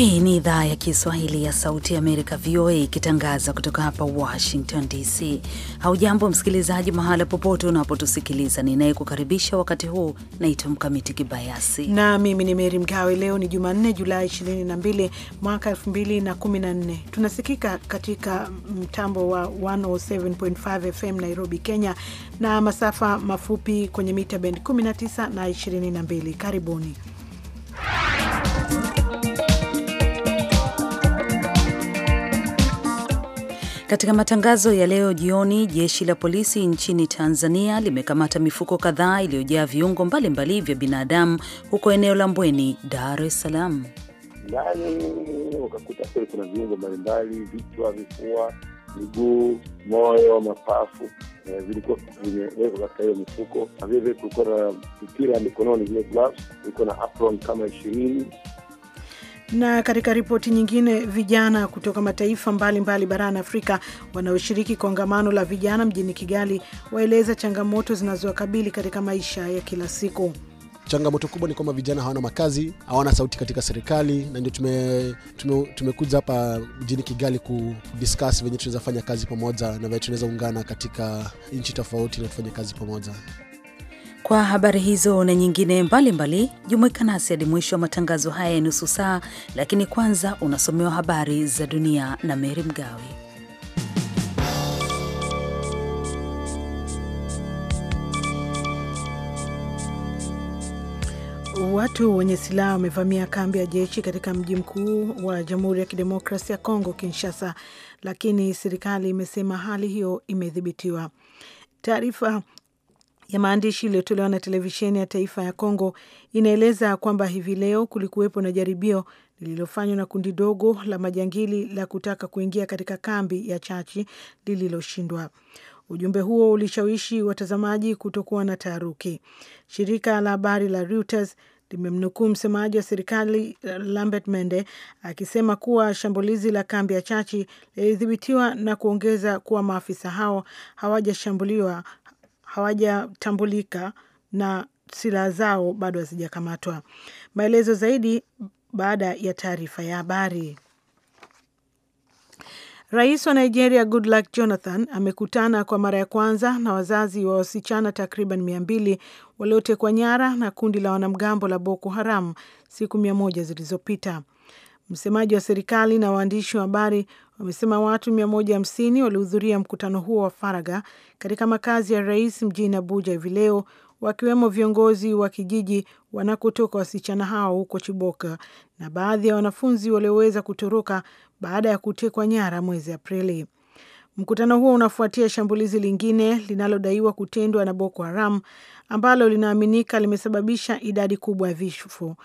Hii ni idhaa ya Kiswahili ya Sauti ya Amerika, VOA, ikitangaza kutoka hapa Washington DC. Haujambo msikilizaji, mahala popote unapotusikiliza. Ninayekukaribisha wakati huu naitwa Mkamiti Kibayasi na mimi ni Meri Mgawe. Leo ni Jumanne, Julai 22 mwaka 2014. Tunasikika katika mtambo wa 107.5 FM Nairobi, Kenya, na masafa mafupi kwenye mita bend 19 na 22. Karibuni Katika matangazo ya leo jioni, jeshi la polisi nchini Tanzania limekamata mifuko kadhaa iliyojaa viungo mbalimbali vya binadamu huko eneo la Mbweni, Dar es Salaam. Ndani ukakuta kweli kuna viungo mbalimbali, vichwa, vifua, miguu, moyo, mapafu eh, vilikuwa vimewekwa katika hiyo mifuko, na vilevile kulikuwa na ya mikononi, zile gloves, kulikuwa na apron kama ishirini na katika ripoti nyingine, vijana kutoka mataifa mbalimbali barani Afrika wanaoshiriki kongamano la vijana mjini Kigali waeleza changamoto zinazowakabili katika maisha ya kila siku. Changamoto kubwa ni kwamba vijana hawana makazi, hawana sauti katika serikali, na ndio tumekuja tume, tume hapa mjini Kigali kudiscuss venye tunaweza fanya kazi pamoja na venye tunaweza ungana katika nchi tofauti na tufanye kazi pamoja. Kwa habari hizo na nyingine mbalimbali, jumuika nasi hadi mwisho wa matangazo haya ya nusu saa, lakini kwanza unasomewa habari za dunia na Meri Mgawe. Watu wenye silaha wamevamia kambi ya jeshi katika mji mkuu wa Jamhuri ya Kidemokrasia ya Kongo, Kinshasa, lakini serikali imesema hali hiyo imedhibitiwa. Taarifa ya maandishi iliyotolewa na televisheni ya taifa ya congo inaeleza kwamba hivi leo kulikuwepo na jaribio lililofanywa na kundi dogo la majangili la kutaka kuingia katika kambi ya Chachi lililoshindwa. Ujumbe huo ulishawishi watazamaji kutokuwa na taharuki. Shirika la habari la Reuters limemnukuu msemaji wa serikali eh, Lambert Mende akisema kuwa shambulizi la kambi ya Chachi lilidhibitiwa na kuongeza kuwa maafisa hao hawajashambuliwa hawajatambulika na silaha zao bado hazijakamatwa. Maelezo zaidi baada ya taarifa ya habari. Rais wa Nigeria Goodluck Jonathan amekutana kwa mara ya kwanza na wazazi wa wasichana takriban mia mbili waliotekwa nyara na kundi la wanamgambo la Boko Haram siku mia moja zilizopita. Msemaji wa serikali na waandishi wa habari wamesema watu 150 walihudhuria mkutano huo wa faraga katika makazi ya rais mjini Abuja hivi leo, wakiwemo viongozi wa kijiji wanakotoka wasichana hao huko Chiboka na baadhi ya wanafunzi walioweza kutoroka baada ya kutekwa nyara mwezi Aprili. Mkutano huo unafuatia shambulizi lingine linalodaiwa kutendwa na Boko Haram ambalo linaaminika limesababisha idadi kubwa ya vifo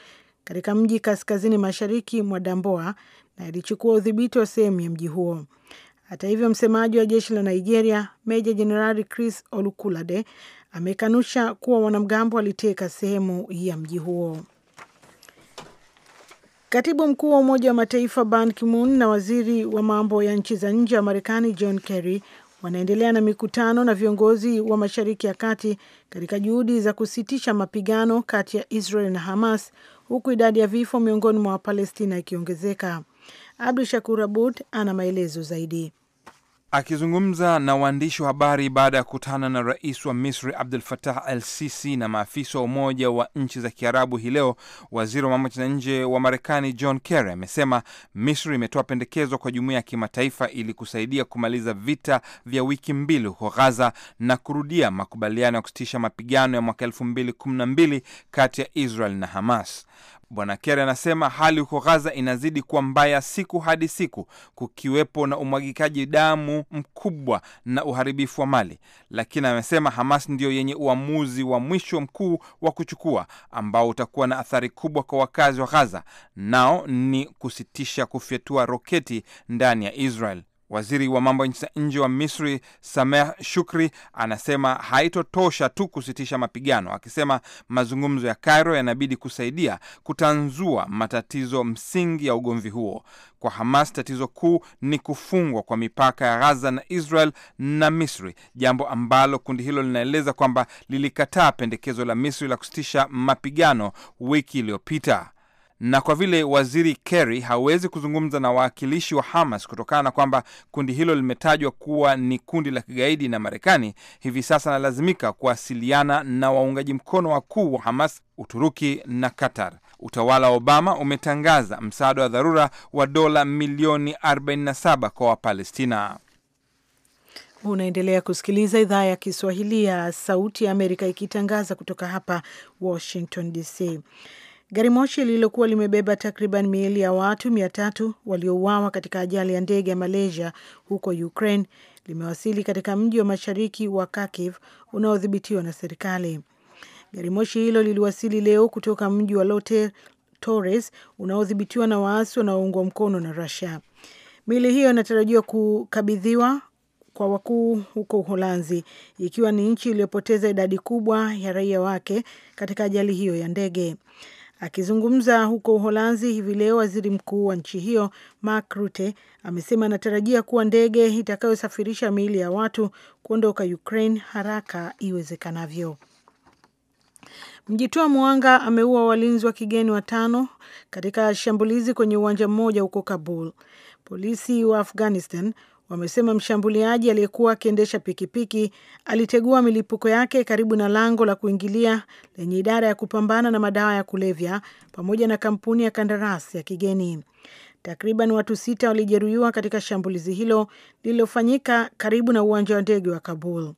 katika mji kaskazini mashariki mwa Damboa na ilichukua udhibiti wa sehemu ya mji huo. Hata hivyo, msemaji wa jeshi la Nigeria Meja Jenerali Chris Olukulade amekanusha kuwa wanamgambo waliteka sehemu ya mji huo. Katibu mkuu wa Umoja wa Mataifa Ban Ki-moon na waziri wa mambo ya nchi za nje wa Marekani John Kerry wanaendelea na mikutano na viongozi wa Mashariki ya Kati katika juhudi za kusitisha mapigano kati ya Israel na Hamas, huku idadi ya vifo miongoni mwa Wapalestina ikiongezeka. Abdu Shakur Abud ana maelezo zaidi. Akizungumza na waandishi wa habari baada ya kukutana na rais wa Misri Abdul Fatah al Sisi na maafisa wa Umoja wa Nchi za Kiarabu hii leo, waziri wa mambo ya nje wa Marekani John Kerry amesema Misri imetoa pendekezo kwa jumuiya ya kimataifa ili kusaidia kumaliza vita vya wiki mbili huko Ghaza na kurudia makubaliano ya kusitisha mapigano ya mwaka elfu mbili kumi na mbili kati ya Israel na Hamas. Bwana Kerry anasema hali huko Gaza inazidi kuwa mbaya siku hadi siku, kukiwepo na umwagikaji damu mkubwa na uharibifu wa mali, lakini amesema Hamas ndiyo yenye uamuzi wa mwisho mkuu wa kuchukua ambao utakuwa na athari kubwa kwa wakazi wa Gaza, nao ni kusitisha kufyatua roketi ndani ya Israel. Waziri wa mambo ya nje wa Misri Sameh Shukri anasema haitotosha tu kusitisha mapigano, akisema mazungumzo ya Cairo yanabidi kusaidia kutanzua matatizo msingi ya ugomvi huo. Kwa Hamas, tatizo kuu ni kufungwa kwa mipaka ya Gaza na Israel na Misri, jambo ambalo kundi hilo linaeleza kwamba lilikataa pendekezo la Misri la kusitisha mapigano wiki iliyopita na kwa vile waziri Kerry hawezi kuzungumza na wawakilishi wa Hamas kutokana na kwamba kundi hilo limetajwa kuwa ni kundi la kigaidi na Marekani hivi sasa analazimika kuwasiliana na waungaji mkono wakuu wa Hamas, Uturuki na Qatar. Utawala wa Obama umetangaza msaada wa dharura wa dola milioni 47 kwa Wapalestina. Unaendelea kusikiliza idhaa ya Kiswahili ya Sauti ya Amerika ikitangaza kutoka hapa Washington DC. Gari moshi lililokuwa limebeba takriban miili ya watu mia tatu waliouawa katika ajali ya ndege ya Malaysia huko Ukraine limewasili katika mji wa mashariki wa Kharkiv unaodhibitiwa na serikali. Gari moshi hilo liliwasili leo kutoka mji wa Lote Torres unaodhibitiwa na waasi wanaoungwa mkono na Russia. miili hiyo inatarajiwa kukabidhiwa kwa wakuu huko Uholanzi, ikiwa ni nchi iliyopoteza idadi kubwa ya raia wake katika ajali hiyo ya ndege. Akizungumza huko Uholanzi hivi leo, waziri mkuu wa nchi hiyo Mark Rutte amesema anatarajia kuwa ndege itakayosafirisha miili ya watu kuondoka Ukraine haraka iwezekanavyo. Mjitoa mwanga ameua walinzi wa kigeni watano katika shambulizi kwenye uwanja mmoja huko Kabul. Polisi wa Afghanistan wamesema mshambuliaji aliyekuwa akiendesha pikipiki alitegua milipuko yake karibu na lango la kuingilia lenye idara ya kupambana na madawa ya kulevya pamoja na kampuni ya kandarasi ya kigeni. Takriban watu sita walijeruhiwa katika shambulizi hilo lililofanyika karibu na uwanja wa ndege wa Kabul.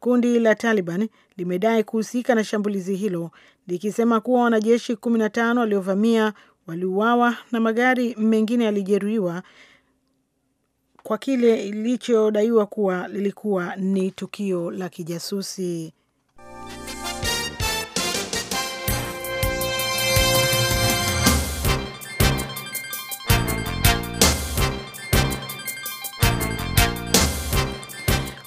Kundi la Taliban limedai kuhusika na shambulizi hilo likisema kuwa wanajeshi 15 waliovamia waliuawa na magari mengine yalijeruhiwa kwa kile ilichodaiwa kuwa lilikuwa ni tukio la kijasusi.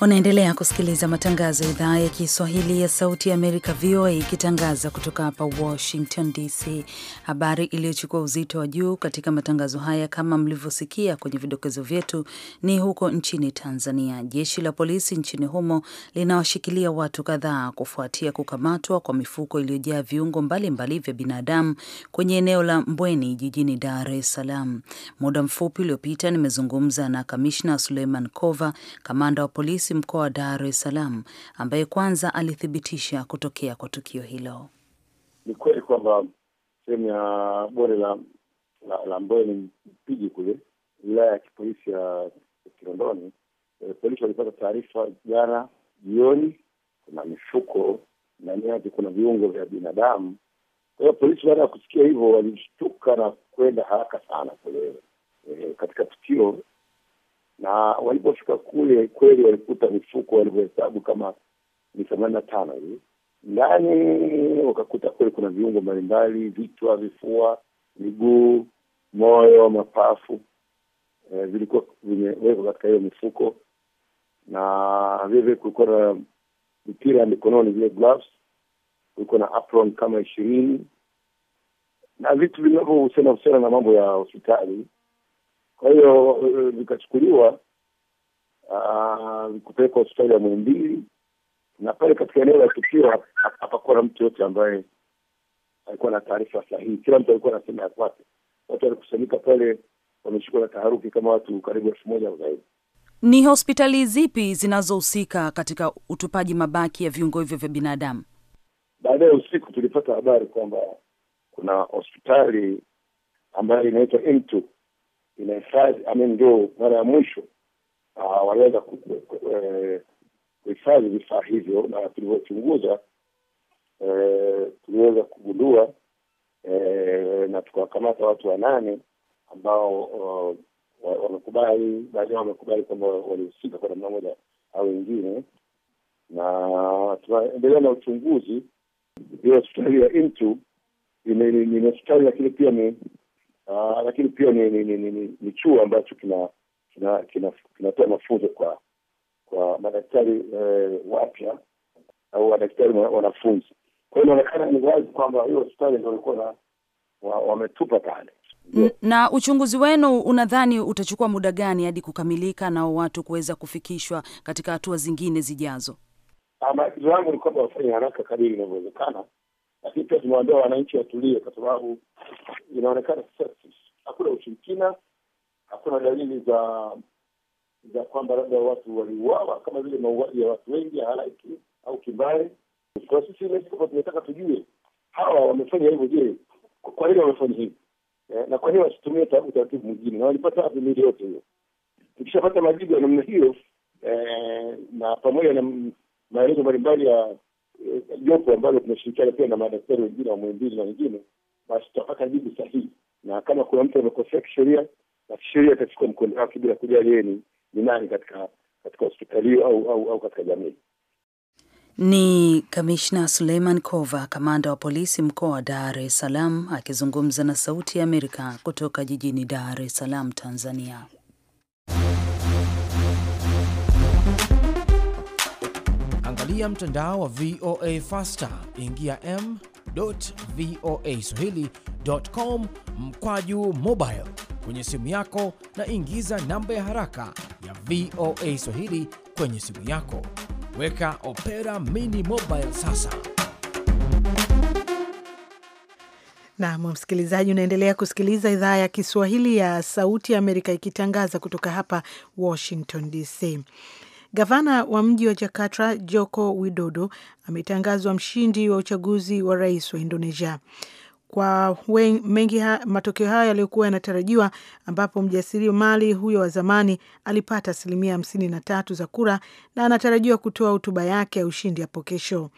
Unaendelea kusikiliza matangazo ya idhaa ya Kiswahili ya Sauti ya Amerika, VOA, ikitangaza kutoka hapa Washington DC. Habari iliyochukua uzito wa juu katika matangazo haya, kama mlivyosikia kwenye vidokezo vyetu, ni huko nchini Tanzania. Jeshi la polisi nchini humo linawashikilia watu kadhaa kufuatia kukamatwa kwa mifuko iliyojaa viungo mbalimbali vya binadamu kwenye eneo la Mbweni jijini Dar es Salaam. Muda mfupi uliopita nimezungumza na Kamishna Suleiman Kova, kamanda wa polisi polisi mkoa wa Dar es Salaam, ambaye kwanza alithibitisha kutokea kwa tukio hilo. Ni kweli kwamba sehemu ya bonde la la, la Mboe ni Mpiji kule wilaya ya kipolisi ya Kinondoni, e, eh, polisi walipata taarifa jana jioni, kuna mifuko ndani yake kuna viungo vya binadamu. Kwa hiyo polisi baada ya kusikia hivyo walishtuka na kwenda haraka sana kule e, katika tukio na walipofika kule kweli walikuta mifuko walivyohesabu kama ni themanini na tano hivi ndani, wakakuta kweli kuna viungo mbalimbali, vichwa, vifua, miguu, moyo, mapafu eh, vilikuwa vimewekwa katika hiyo mifuko, na vilevile kulikuwa na mipira ya mikononi, vile gloves, kulikuwa na apron kama ishirini na vitu vinavyohusiana husiana na mambo ya hospitali kwa hiyo eh, vikachukuliwa ah, kupeleka hospitali ya Muhimbili, na pale katika eneo la tukio hapakuwa na mtu yote ambaye alikuwa na taarifa sahihi. Kila mtu alikuwa anasema ya kwake. Watu walikusanyika pale, wameshikwa na taharuki kama watu karibu elfu moja au zaidi. Ni hospitali zipi zinazohusika katika utupaji mabaki ya viungo hivyo vya binadamu? Baadaye usiku tulipata habari kwamba kuna hospitali ambayo inaitwa inahifadhi ama ndio mara ya mwisho uh, waliweza eh, kuhifadhi vifaa hivyo, na tulivyochunguza eh, tuliweza kugundua eh, na tukawakamata watu wanane ambao uh, wamekubali, baadhi yao wamekubali kwamba walihusika kwa namna moja au wengine, na tunaendelea na uchunguzi. Hiyo hospitali ya INTU ni hospitali, lakini pia ni Ah, lakini pia ni, ni, ni, ni, ni, ni chuo ambacho kinatoa kina, kina, kina mafunzo kwa kwa madaktari eh, wapya au madaktari wanafunzi. Kwa hiyo inaonekana ni wazi kwamba hiyo hospitali ndio walikuwa wametupa wa pale. Na uchunguzi wenu unadhani utachukua muda gani hadi kukamilika na watu kuweza kufikishwa katika hatua zingine zijazo? Ah, maagizo yangu ni kwamba wafanye haraka kadiri inavyowezekana, lakini pia tumewaambia wananchi watulie, kwa sababu inaonekana sasa hakuna ushirikina, hakuna dalili za za kwamba labda watu waliuawa kama vile mauaji ya watu wengi ya halaiki au kimbari. Kwa sisi tunataka tujue hawa wamefanya hivyo, je, kwa nini wamefanya hivi? Eh, na kwa nini wasitumie utaratibu mwingine, na walipata mili yote hiyo. Tukishapata majibu ya namna hiyo eh, na pamoja na maelezo mbalimbali ya Eh, jopo ambalo tunashirikiana pia na madaktari wengine wa Muhimbili na wengine, basi tutapata jibu sahihi, na kama kuna mtu amekosea kisheria, basi sheria itachukua mkondo wake bila kujali yeye ni nani katika katika hospitali au, au, au katika jamii. Ni Kamishna Suleiman Kova, kamanda wa polisi mkoa wa Dar es Salaam, akizungumza na Sauti ya Amerika kutoka jijini Dar es Salaam, Tanzania. kupitia mtandao wa VOA Faster. Ingia m.voaswahili.com mkwaju mobile kwenye simu yako na ingiza namba ya haraka ya VOA Swahili kwenye simu yako. Weka Opera Mini Mobile sasa. Nam msikilizaji, unaendelea kusikiliza idhaa ya Kiswahili ya Sauti ya Amerika ikitangaza kutoka hapa Washington DC. Gavana wa mji wa Jakarta Joko Widodo ametangazwa mshindi wa uchaguzi wa rais wa Indonesia kwa mengi ha, matokeo hayo yaliyokuwa yanatarajiwa ambapo mjasiriamali huyo wa zamani alipata asilimia hamsini na tatu za kura na anatarajiwa kutoa hotuba yake ya ushindi hapo kesho.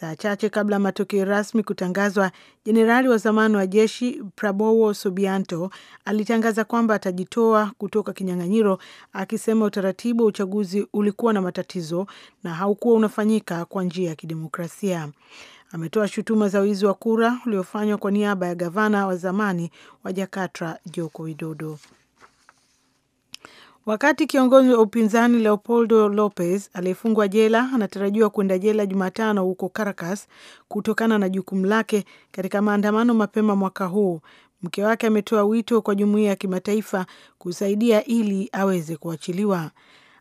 Saa chache kabla ya matokeo rasmi kutangazwa, jenerali wa zamani wa jeshi Prabowo Subianto alitangaza kwamba atajitoa kutoka kinyang'anyiro, akisema utaratibu wa uchaguzi ulikuwa na matatizo na haukuwa unafanyika kwa njia ya kidemokrasia. Ametoa shutuma za wizi wa kura uliofanywa kwa niaba ya gavana wa zamani wa Jakarta Joko Widodo. Wakati kiongozi wa upinzani Leopoldo Lopez aliyefungwa jela anatarajiwa kwenda jela Jumatano huko Caracas kutokana na jukumu lake katika maandamano mapema mwaka huu, mke wake ametoa wito kwa jumuiya ya kimataifa kusaidia ili aweze kuachiliwa.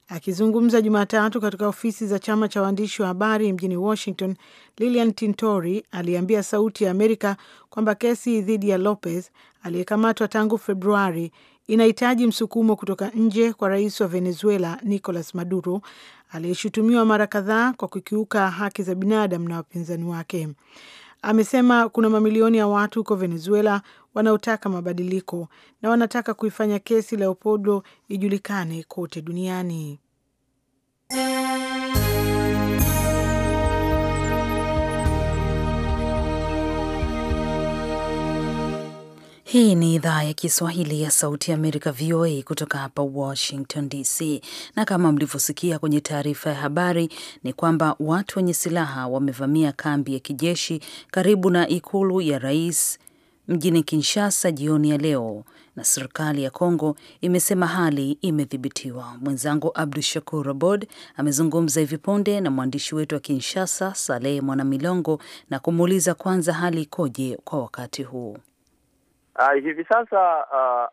Akizungumza Jumatatu katika ofisi za chama cha waandishi wa habari mjini Washington, Lilian Tintori aliambia Sauti ya Amerika kwamba kesi dhidi ya Lopez aliyekamatwa tangu Februari inahitaji msukumo kutoka nje kwa rais wa Venezuela Nicolas Maduro aliyeshutumiwa mara kadhaa kwa kukiuka haki za binadamu na wapinzani wake. Amesema kuna mamilioni ya watu huko Venezuela wanaotaka mabadiliko na wanataka kuifanya kesi Leopoldo ijulikane kote duniani. Hii ni idhaa ya Kiswahili ya Sauti ya Amerika, VOA, kutoka hapa Washington DC. Na kama mlivyosikia kwenye taarifa ya habari, ni kwamba watu wenye silaha wamevamia kambi ya kijeshi karibu na ikulu ya rais mjini Kinshasa jioni ya leo, na serikali ya Kongo imesema hali imedhibitiwa. Mwenzangu Abdu Shakur Abod amezungumza hivi punde na mwandishi wetu wa Kinshasa, Salehe Mwanamilongo, na kumuuliza kwanza hali ikoje kwa wakati huu. Uh, hivi sasa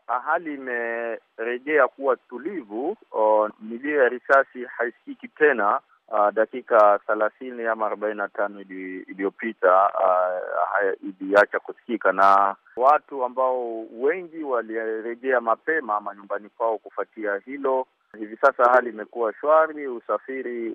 uh, hali imerejea kuwa tulivu. Uh, milio ya risasi haisikiki tena. Uh, dakika thelathini ama arobaini na tano iliyopita uh, iliacha kusikika, na watu ambao wengi walirejea mapema ama nyumbani kwao kufuatia hilo. Hivi sasa hali imekuwa shwari, usafiri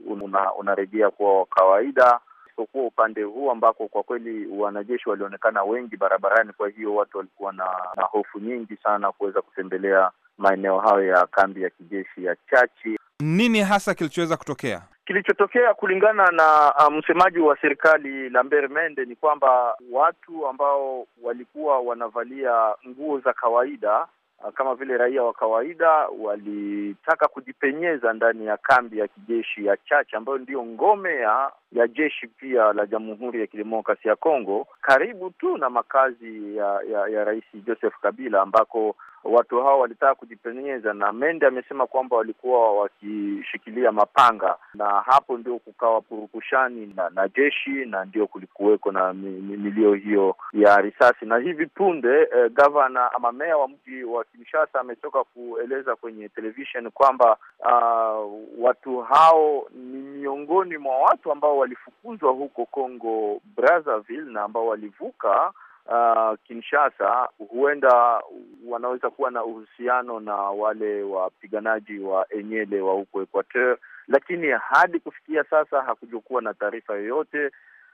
unarejea una kuwa wa kawaida isipokuwa upande huu ambako kwa kweli wanajeshi walionekana wengi barabarani. Kwa hiyo watu walikuwa na, na hofu nyingi sana kuweza kutembelea maeneo hayo ya kambi ya kijeshi ya Chachi. Nini hasa kilichoweza kutokea? Kilichotokea kulingana na uh, msemaji um, wa serikali Lambert Mende ni kwamba watu ambao walikuwa wanavalia nguo za kawaida Ah, kama vile raia wa kawaida walitaka kujipenyeza ndani ya kambi ya kijeshi ya Chacha ambayo ndiyo ngome ya, ya jeshi pia la Jamhuri ya Kidemokrasia ya Kongo karibu tu na makazi ya, ya, ya Rais Joseph Kabila ambako watu hao walitaka kujipenyeza, na Mende amesema kwamba walikuwa wakishikilia mapanga, na hapo ndio kukawa purukushani na, na jeshi na ndio kulikuweko na milio hiyo ya risasi. Na hivi punde eh, gavana ama meya wa mji wa Kinshasa ametoka kueleza kwenye televisheni kwamba uh, watu hao ni miongoni mwa watu ambao walifukuzwa huko Congo Brazzaville na ambao walivuka uh, Kinshasa, huenda wanaweza kuwa na uhusiano na wale wapiganaji wa Enyele wa huko Equateur, lakini hadi kufikia sasa hakujakuwa na taarifa yoyote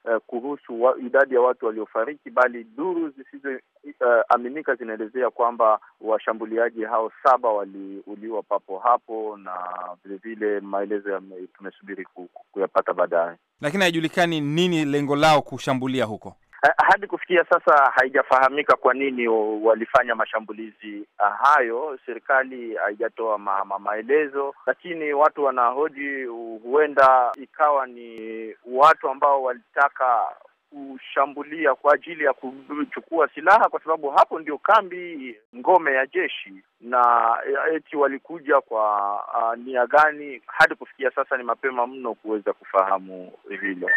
uh, kuhusu wa, idadi ya watu waliofariki, bali duru zisizoaminika uh, zinaelezea kwamba washambuliaji hao saba waliuliwa papo hapo, na vilevile maelezo tumesubiri kuyapata baadaye, lakini haijulikani nini lengo lao kushambulia huko. Eh, hadi kufikia sasa haijafahamika kwa nini walifanya mashambulizi eh, hayo. Serikali haijatoa ma ma maelezo, lakini watu wanahoji huenda ikawa ni watu ambao walitaka kushambulia kwa ajili ya kuchukua silaha, kwa sababu hapo ndio kambi ngome ya jeshi, na eh, eti walikuja kwa uh, nia gani? Hadi kufikia sasa ni mapema mno kuweza kufahamu hilo.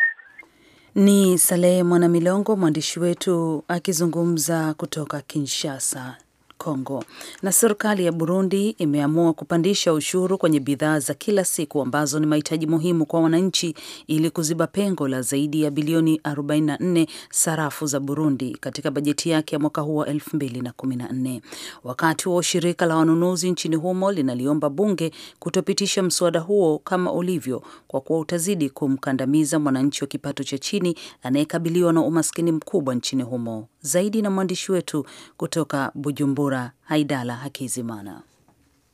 Ni Salehe Mwanamilongo, mwandishi wetu akizungumza kutoka Kinshasa. Kongo. Na serikali ya Burundi imeamua kupandisha ushuru kwenye bidhaa za kila siku ambazo ni mahitaji muhimu kwa wananchi ili kuziba pengo la zaidi ya bilioni 44 sarafu za Burundi katika bajeti yake ya mwaka huu wa 2014. Wakati huo shirika la wanunuzi nchini humo linaliomba bunge kutopitisha mswada huo kama ulivyo, kwa kuwa utazidi kumkandamiza mwananchi wa kipato cha chini anayekabiliwa na umaskini mkubwa nchini humo. Zaidi na mwandishi wetu kutoka Bujumbura Dora Haidala Hakizimana.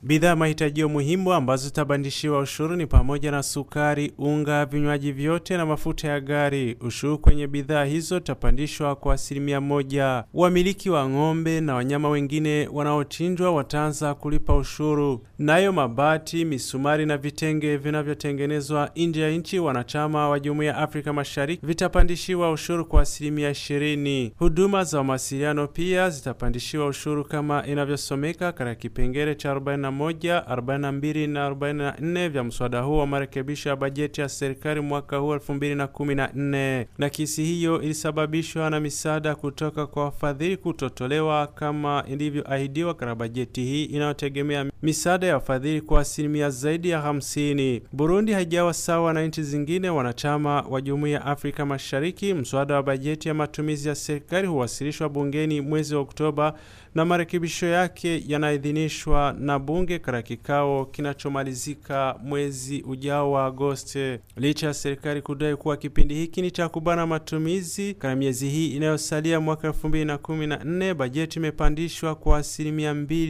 Bidhaa mahitajio muhimu ambazo zitabandishiwa ushuru ni pamoja na sukari, unga, vinywaji vyote na mafuta ya gari. Ushuru kwenye bidhaa hizo utapandishwa kwa asilimia moja. Wamiliki wa ng'ombe na wanyama wengine wanaochinjwa wataanza kulipa ushuru. Nayo mabati, misumari na vitenge vinavyotengenezwa nje ya nchi wanachama wa Jumuiya ya Afrika Mashariki vitapandishiwa ushuru kwa asilimia ishirini. Huduma za mawasiliano pia zitapandishiwa ushuru kama inavyosomeka katika kipengele cha 41 41, vya mswada huo wa marekebisho ya bajeti ya serikali mwaka huu 2014. Na kisi hiyo ilisababishwa na misaada kutoka kwa wafadhili kutotolewa kama ilivyoahidiwa katika bajeti hii inayotegemea misaada ya wafadhili kwa asilimia zaidi ya 50. Burundi haijawa sawa na nchi zingine wanachama wa Jumuiya ya Afrika Mashariki. Mswada wa bajeti ya matumizi ya serikali huwasilishwa bungeni mwezi wa Oktoba na marekebisho yake yanaidhinishwa na bunge katika kikao kinachomalizika mwezi ujao wa Agosti. Licha ya serikali kudai kuwa kipindi hiki ni cha kubana matumizi, katika miezi hii inayosalia mwaka nne bajeti imepandishwa kwa asilimia mbili.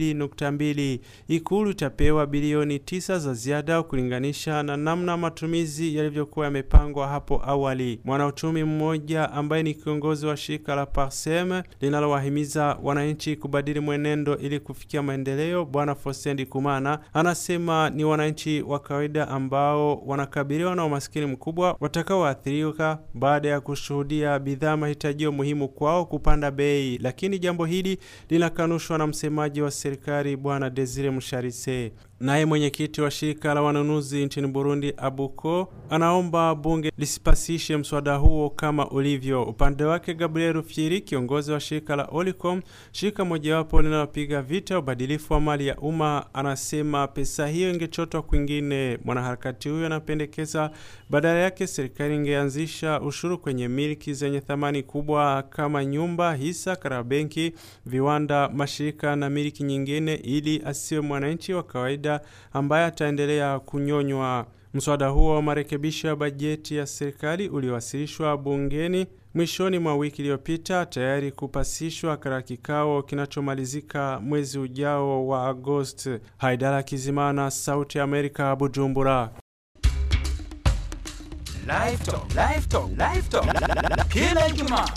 Ikulu itapewa bilioni tisa za ziada kulinganisha na namna matumizi yalivyokuwa yamepangwa hapo awali. Mwanauchumi mmoja ambaye ni kiongozi wa shirika la Parsem linalowahimiza wananchi kubadili mwenendo ili kufikia maendeleo. Bwana Fosendi Kumana anasema ni wananchi wa kawaida ambao wanakabiliwa na umaskini mkubwa watakaoathirika baada ya kushuhudia bidhaa mahitajio muhimu kwao kupanda bei, lakini jambo hili linakanushwa na msemaji wa serikali Bwana Desire Musharise. Naye mwenyekiti wa shirika la wanunuzi nchini Burundi Abuko anaomba bunge lisipasishe mswada huo kama ulivyo. Upande wake, Gabriel Rufyiri, kiongozi wa shirika la Olicom, shirika mojawapo linalopiga vita ubadilifu wa mali ya umma, anasema pesa hiyo ingechotwa kwingine. Mwanaharakati huyo anapendekeza badala yake serikali ingeanzisha ushuru kwenye miliki zenye thamani kubwa kama nyumba, hisa, karabenki, viwanda, mashirika na miliki nyingine, ili asiwe mwananchi wa kawaida kawaida ambaye ataendelea kunyonywa. Mswada huo wa marekebisho ya bajeti ya serikali uliowasilishwa bungeni mwishoni mwa wiki iliyopita tayari kupasishwa katika kikao kinachomalizika mwezi ujao wa Agosti. Haidara Kizimana, Sauti ya Amerika, Bujumbura. Kila Ijumaa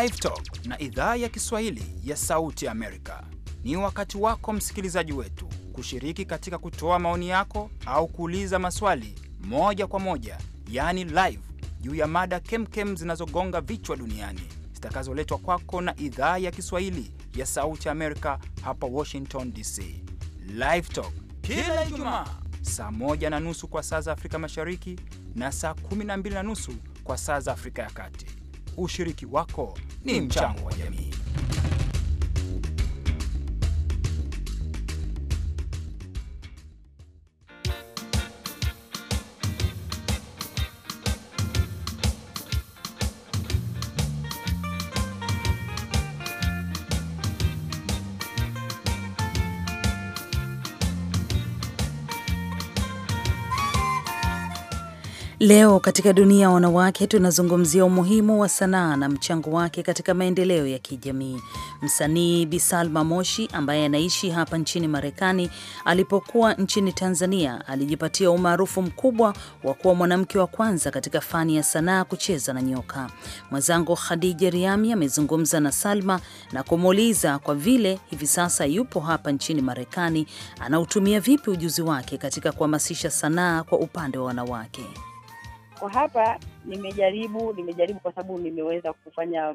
Live Talk na idhaa ya Kiswahili ya Sauti Amerika ni wakati wako msikilizaji wetu kushiriki katika kutoa maoni yako au kuuliza maswali moja kwa moja, yaani live, juu ya mada kemkem zinazogonga vichwa duniani zitakazoletwa kwako na idhaa ya Kiswahili ya Sauti Amerika hapa Washington DC. Live kila Ijumaa saa 1 na nusu kwa saa za Afrika Mashariki na saa 12 na nusu kwa saa za Afrika ya Kati. Ushiriki wako ni mchango wa jamii. Leo katika dunia ya wanawake tunazungumzia umuhimu wa sanaa na mchango wake katika maendeleo ya kijamii. Msanii bisalma Moshi ambaye anaishi hapa nchini Marekani, alipokuwa nchini Tanzania alijipatia umaarufu mkubwa wa kuwa mwanamke wa kwanza katika fani ya sanaa kucheza na nyoka. Mwenzangu Khadija Riami amezungumza na Salma na kumuuliza kwa vile hivi sasa yupo hapa nchini Marekani, anautumia vipi ujuzi wake katika kuhamasisha sanaa kwa upande wa wanawake kwa hapa nimejaribu nimejaribu kwa sababu nimeweza kufanya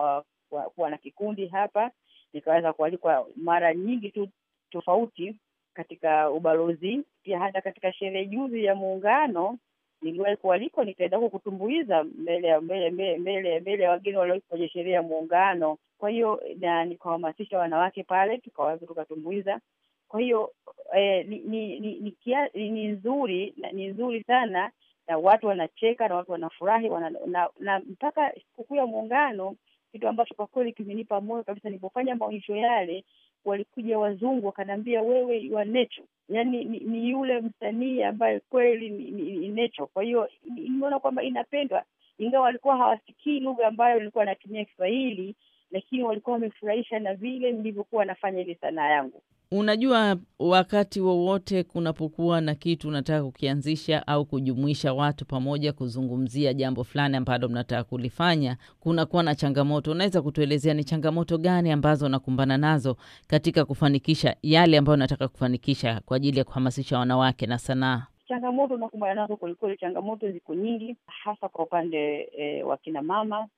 uh, kuwa, kuwa na kikundi hapa nikaweza kualikwa mara nyingi tu tofauti katika ubalozi, pia hata katika sherehe juzi ya Muungano niliwahi kualikwa nikaenda huko kutumbuiza mbele ya mbele mbele mbele ya wageni walio kwenye sherehe ya Muungano. Kwa hiyo na nikawahamasisha wanawake pale, tukawaza tukatumbuiza. Kwa hiyo eh, ni, ni, ni, ni, ni nzuri ni nzuri sana na watu wanacheka na watu wanafurahi wana, na, na mpaka sikukuu ya Muungano, kitu ambacho kwa kweli kimenipa moyo kabisa. Nilipofanya maonyesho yale, walikuja wazungu wakanaambia wewe you yani ni, ni yule msanii ambaye kweli ni, ni, ni Kwa hiyo nimeona kwamba inapendwa, ingawa walikuwa hawasikii lugha ambayo nilikuwa natumia Kiswahili lakini walikuwa wamefurahisha na vile nilivyokuwa nafanya ile sanaa yangu. Unajua, wakati wowote wa kunapokuwa na kitu unataka kukianzisha au kujumuisha watu pamoja kuzungumzia jambo fulani ambalo mnataka kulifanya, kunakuwa na changamoto. Unaweza kutuelezea ni changamoto gani ambazo unakumbana nazo katika kufanikisha yale ambayo unataka kufanikisha kwa ajili ya kuhamasisha wanawake na sanaa? Changamoto unakumbana nazo kwelikweli, changamoto ziko nyingi, hasa kwa upande e, wa kina mama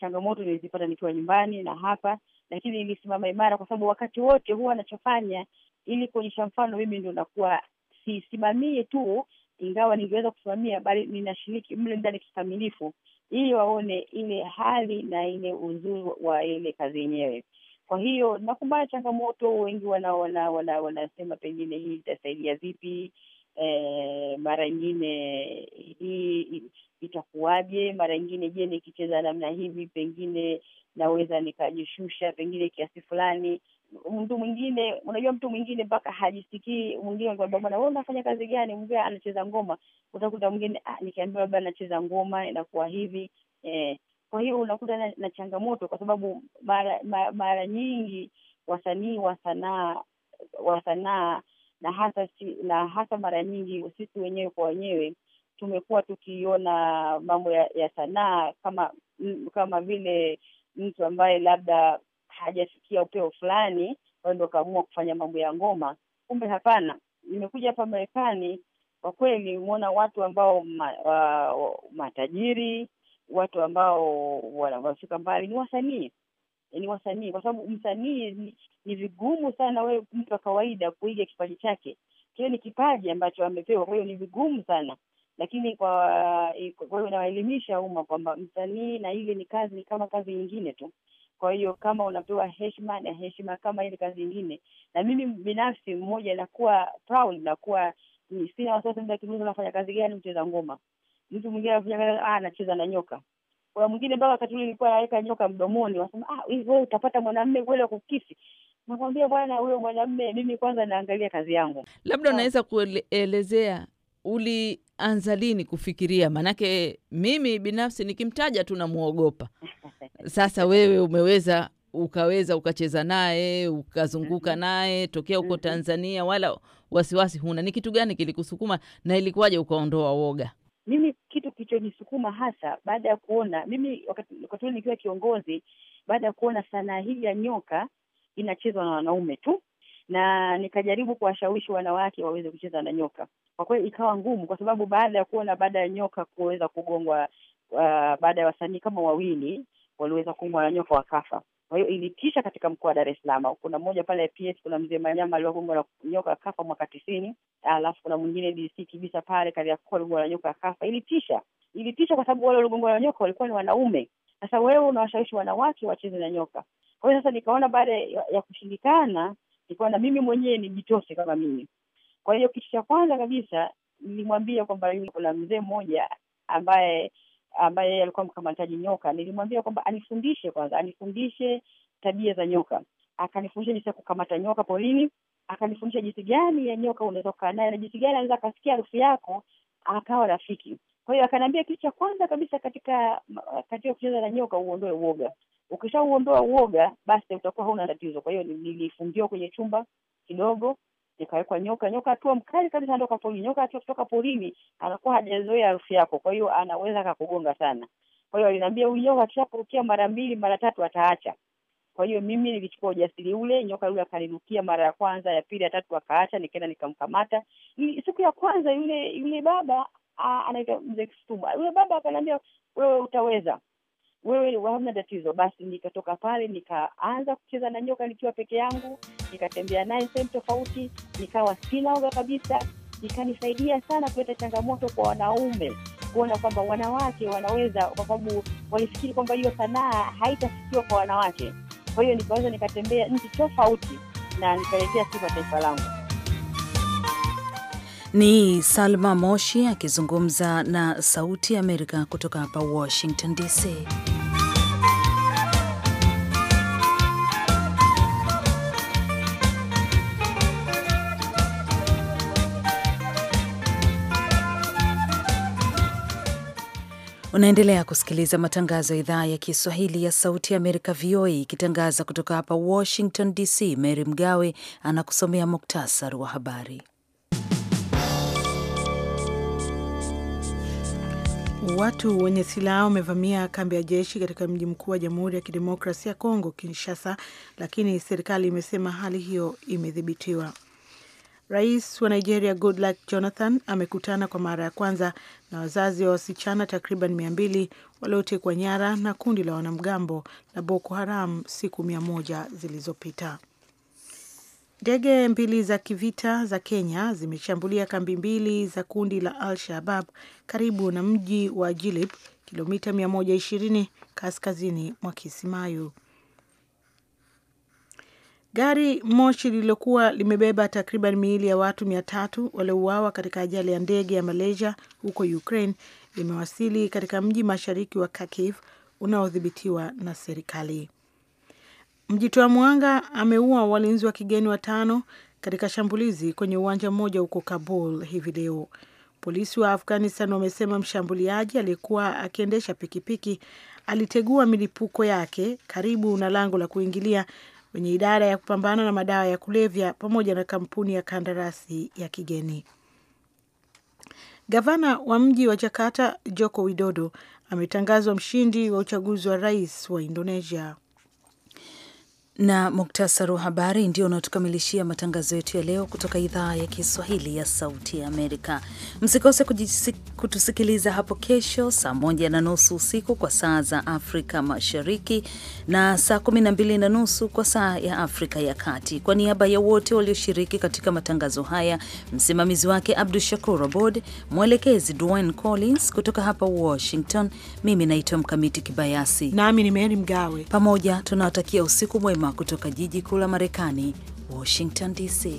changamoto nilizipata nikiwa nyumbani na hapa, lakini nilisimama imara, kwa sababu wakati wote huwa anachofanya ili kuonyesha mfano, mimi ndo nakuwa sisimamie tu, ingawa ningeweza kusimamia, bali ninashiriki mle ndani kikamilifu, ili waone ile hali na ile uzuri wa ile kazi yenyewe. Kwa hiyo nakumbana changamoto, wengi wana wanasema wana, wana, pengine hii itasaidia vipi eh, mara nyingine hii itakuwaje? Mara nyingine, je, nikicheza namna hivi pengine naweza nikajishusha pengine kiasi fulani. Mtu mwingine, unajua, mtu mwingine mpaka hajisikii. Mwingine kwamba bwana, wewe unafanya kazi gani? Mwingine anacheza ngoma. Utakuta mwingine ah, nikiambiwa labda anacheza ngoma inakuwa hivi eh. Kwa hiyo unakuta na, na changamoto kwa sababu mara, mara, mara nyingi wasanii wa sanaa wa sanaa na hasa si, na hasa mara nyingi sisi wenyewe kwa wenyewe tumekuwa tukiona mambo ya, ya sanaa kama m, kama vile mtu ambaye labda hajafikia upeo fulani ndo kaamua kufanya mambo ya ngoma. Kumbe hapana, nimekuja hapa Marekani kwa kweli umeona watu ambao ma, wa, wa, matajiri watu ambao wanafika mbali ni wasanii ni wasanii, kwa sababu msanii ni, ni vigumu sana wewe mtu wa kawaida kuiga kipaji chake. Kile ni kipaji ambacho amepewa, kwa hiyo ni vigumu sana lakini kwa kwa hiyo nawaelimisha umma kwamba msanii na ile ni kazi, ni kama kazi nyingine tu. Kwa hiyo kama unapewa heshima na heshima kama ile kazi nyingine, na mimi binafsi mmoja nakuwa proud, nakuwa sina wasiwasi mtu akiuza unafanya kazi gani, mcheza ngoma. Mtu mwingine ah, anacheza na nyoka. Kuna mwingine mpaka wakati ule nilikuwa naweka nyoka mdomoni, wasema ah, hivyo utapata mwanamume kweli wa kukisi? Nakwambia bwana, huyo mwanamume mimi kwanza naangalia kazi yangu. Labda ah. unaweza kuelezea ulianza lini kufikiria? Maanake mimi binafsi nikimtaja tu namwogopa. Sasa wewe umeweza ukaweza ukacheza naye ukazunguka mm-hmm. naye tokea huko mm-hmm. Tanzania, wala wasiwasi huna. Ni kitu gani kilikusukuma na ilikuwaje ukaondoa woga? Mimi kitu kilichonisukuma hasa baada ya kuona mimi wakati, ule nikiwa kiongozi, baada ya kuona sanaa hii ya nyoka inachezwa na wanaume tu, na nikajaribu kuwashawishi wanawake waweze kucheza na nyoka. Kwa kweli ikawa ngumu, kwa sababu baada ya kuona baada ya nyoka kuweza kugongwa, uh, baada ya wasanii kama wawili waliweza kugongwa na nyoka wakafa, kwa hiyo ilitisha katika mkoa wa Dar es Salaam. Kuna mmoja pale PS, kuna mzee Manyama aliwagongwa na nyoka kafa mwaka tisini, alafu kuna mwingine DC Kibisa pale Kariakoo aligongwa na nyoka kafa. Ilitisha, ilitisha kwa sababu wale waligongwa na nyoka walikuwa ni wanaume. Sasa wewe unawashawishi wanawake wacheze na nyoka. Kwa hiyo sasa nikaona baada ya kushindikana, nikaona mimi mwenyewe nijitose kama mimi. Kwa hiyo kitu cha kwanza kabisa nilimwambia kwamba kuna mzee mmoja ambaye ambaye yeye alikuwa mkamataji nyoka, nilimwambia kwamba anifundishe kwanza, anifundishe tabia za nyoka. Akanifundisha jinsi ya kukamata nyoka polini akanifundisha jinsi gani ya nyoka unaweza naye na jinsi gani anaweza akasikia harufu yako akawa rafiki. Kwa hiyo akaniambia kitu cha kwanza kabisa katika katika kucheza na nyoka, uondoe uoga. Ukishauondoa uoga, basi utakuwa hauna tatizo. Kwa hiyo nilifungiwa kwenye chumba kidogo nikawekwa nyoka, nyoka hatua mkali kabisa, anatoka porini. Nyoka hatua kutoka porini anakuwa hajazoea harufu yako, kwa hiyo anaweza akakugonga sana. Kwa hiyo aliniambia huyu nyoka akishakurukia mara mbili mara tatu ataacha. Kwa hiyo mimi nilichukua ujasiri ule, nyoka yule akanirukia mara ya kwanza, ya pili, ya tatu akaacha, nikaenda nikamkamata. Siku ya kwanza yule yule baba anaitwa mzee Kisuma, yule baba akaniambia wewe utaweza wewe waona tatizo. Basi nikatoka pale nikaanza kucheza na nyoka nikiwa peke yangu, nikatembea naye sehemu tofauti, nikawa sinaoga kabisa. Ikanisaidia sana kuleta changamoto kwa wanaume kuona kwamba wanawake wanaweza, kwa sababu walifikiri kwamba hiyo sanaa haitafikiwa kwa wanawake. Kwa hiyo nikaweza nikatembea nchi tofauti na nikaletea sifa taifa langu. Ni Salma Moshi akizungumza na Sauti ya Amerika kutoka hapa Washington DC. Unaendelea kusikiliza matangazo ya idhaa ya Kiswahili ya Sauti ya Amerika, VOA, ikitangaza kutoka hapa Washington DC. Mary Mgawe anakusomea muktasari wa habari. Watu wenye silaha wamevamia kambi ya jeshi katika mji mkuu wa Jamhuri ya Kidemokrasia ya Kongo, Kinshasa, lakini serikali imesema hali hiyo imedhibitiwa. Rais wa Nigeria Goodluck Jonathan amekutana kwa mara ya kwanza na wazazi wa wasichana takriban mia mbili waliotekwa nyara na kundi la wanamgambo la Boko Haram siku mia moja zilizopita. Ndege mbili za kivita za Kenya zimeshambulia kambi mbili za kundi la Al Shabab karibu na mji wa Jilib, kilomita 120 kaskazini mwa Kisimayu. Gari moshi lililokuwa limebeba takriban miili ya watu mia tatu waliouawa katika ajali ya ndege ya Malaysia huko Ukraine limewasili katika mji mashariki wa Kharkiv unaodhibitiwa na serikali. Mjitoa mwanga ameua walinzi wa kigeni watano katika shambulizi kwenye uwanja mmoja huko Kabul hivi leo. Polisi wa Afghanistan wamesema mshambuliaji aliyekuwa akiendesha pikipiki alitegua milipuko yake karibu na lango la kuingilia kwenye idara ya kupambana na madawa ya kulevya pamoja na kampuni ya kandarasi ya kigeni. Gavana wa mji wa Jakarta Joko Widodo ametangazwa mshindi wa uchaguzi wa rais wa Indonesia na muktasari wa habari ndio unaotukamilishia matangazo yetu ya leo kutoka idhaa ya Kiswahili ya Sauti ya Amerika. Msikose kutusikiliza hapo kesho saa moja na nusu usiku kwa saa za Afrika Mashariki na saa kumi na mbili na nusu kwa saa ya Afrika ya Kati. Kwa niaba ya wote walioshiriki katika matangazo haya, msimamizi wake Abdu Shakur Abod, mwelekezi Dwayne Collins. Kutoka hapa Washington, mimi naitwa Mkamiti Kibayasi nami ni Meri Mgawe. Pamoja tunawatakia usiku mwema kutoka jiji kuu la Marekani, Washington DC.